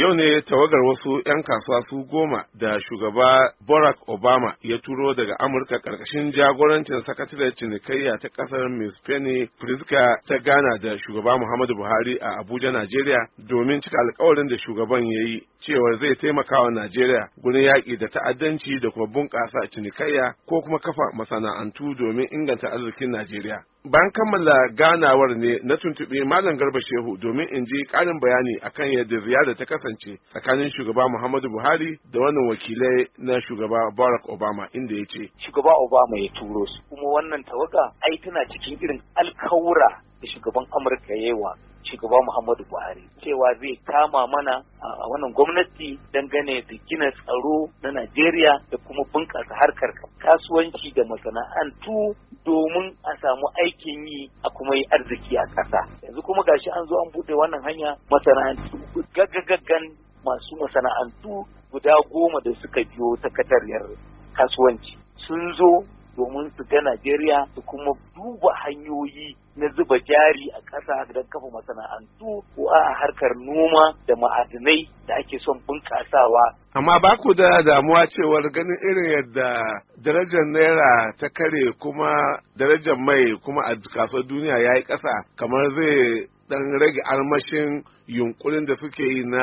yau ne tawagar wasu 'yan kasuwa su goma da shugaba barack obama ya turo daga amurka karkashin jagorancin sakataren cinikayya ta ƙasar miss penny Priska ta gana da shugaba muhammadu buhari a abuja najeriya domin cika alkawarin da shugaban ya yi cewar zai taimaka wa najeriya gurin yaƙi da ta'addanci da kuma bunƙasa cinikayya ko kuma kafa masana'antu domin inganta arzikin najeriya bayan kammala ganawar ne na tuntuɓi malam garba shehu domin in ji ƙarin bayani akan yadda ziyara ta kasance tsakanin shugaba muhammadu buhari da wannan wakilai na shugaba barack obama inda ya ce shugaba obama ya turo su kuma wannan tawaga ai tana cikin irin alkawura da shugaban amurka ya yi wa shugaba Muhammadu Buhari cewa zai kama mana a wannan gwamnati dangane da gina tsaro na Najeriya da kuma bunƙasa harkar kasuwanci da masana'antu domin a samu aikin yi a kuma yi arziki a ƙasa. Yanzu kuma gashi an zo an buɗe wannan hanya masana'antu gaggagaggan masu masana'antu guda goma da suka biyo ta kasuwanci sun zo domin su ga Najeriya su kuma duba hanyoyi na zuba jari a ƙasa don kafa masana'antu ko a harkar noma da ma'adinai da ake son bunƙasawa. Amma ba ku da damuwa cewar ganin irin yadda darajar naira ta kare kuma darajar mai kuma a kasuwar duniya ya yi ƙasa kamar zai ɗan rage armashin yunkurin da suke yi na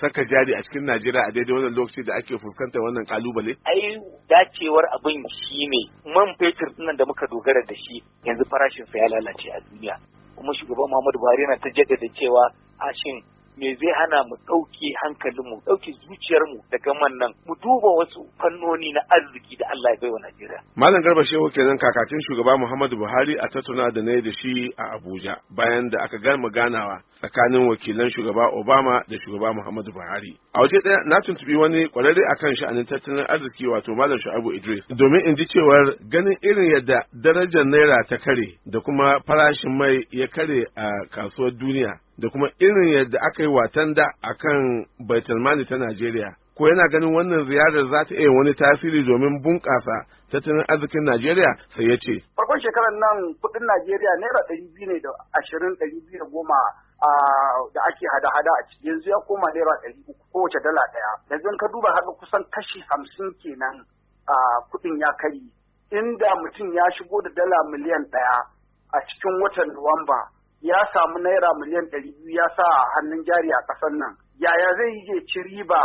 saka jari a cikin Najeriya a daidai wannan lokaci da ake fuskantar wannan kalubale? Ai dacewar abin ne. man fetur nan da muka dogara da shi yanzu farashinsa ya lalace a duniya kuma shugaban muhammadu buhari yana ta jaddada cewa a shin me zai hana mu ɗauke hankalinmu ɗauke zuciyarmu daga wannan mu duba wasu fannoni na arziki da Allah ya baiwa Najeriya. Malam Garba Shehu kenan kakakin shugaba Muhammadu Buhari a tattauna da na da shi a Abuja bayan da aka gama ganawa tsakanin wakilan shugaba Obama da shugaba Muhammadu Buhari. A waje ɗaya na tuntubi wani kwararre akan sha'anin tattalin arziki wato Malam Shu'abu Idris domin in ji cewar ganin irin yadda darajar naira ta kare da kuma farashin mai ya kare a kasuwar duniya da kuma irin yadda aka yi watan da a kan baitulmali ta najeriya ko yana ganin wannan ziyarar za ta iya wani tasiri domin bunƙasa tattalin arzikin najeriya sai ya ce farkon shekarar nan kudin najeriya naira ɗari biyu ne da ashirin ɗari biyu da goma da ake hada-hada a ciki yanzu ya koma naira ɗari uku kowace dala ɗaya yanzu ka duba haka kusan kashi hamsin kenan a kuɗin ya kari inda mutum ya shigo da dala miliyan ɗaya a cikin watan nuwamba ya samu naira miliyan ɗari biyu ya sa a hannun jari a ƙasar nan yaya zai yi ci riba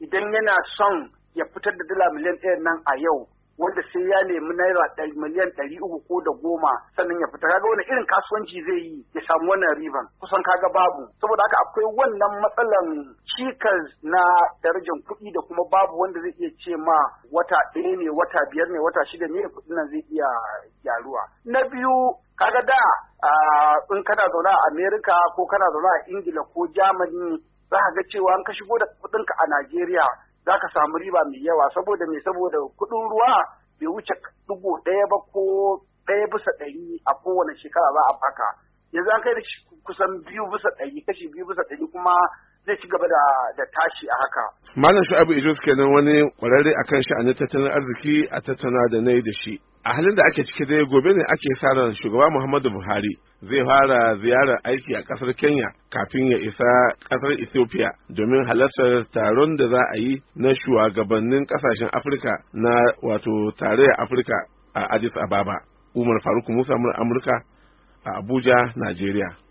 idan yana son ya fitar da dala miliyan ɗaya nan a yau wanda sai ya nemi naira miliyan ɗari uku ko da goma sannan ya fita kaga wani irin kasuwanci zai yi ya samu wannan riban kusan kaga babu saboda haka akwai wannan matsalan cikas na darajar kuɗi da kuma babu wanda zai iya ce ma wata ɗaya ne wata biyar ne wata shida ne kuɗin nan zai iya gyaruwa na biyu kaga da in kana zaune a Amerika ko kana zaune a Ingila ko Germany za ka ga cewa an ka shigo da kuɗinka a Najeriya za ka samu riba mai yawa saboda me saboda kuɗin ruwa bai wuce dubu ɗaya ba ko ɗaya bisa dari a kowane shekara za a baka yanzu an kai da kusan biyu bisa dari kashi biyu bisa dari kuma zai ci gaba da tashi a haka. Malam Shu'abu Idris kenan wani kwararre akan sha'anin tattalin arziki a tattauna da na yi da shi. a halin da ake cike dai gobe ne ake sa ran shugaba muhammadu buhari zai fara ziyarar aiki a kasar kenya kafin ya isa kasar ethiopia domin halartar taron da za a yi na shugabannin kasashen afirka na wato tarayyar afirka a addis ababa umar faruk musa amurka a abuja nigeria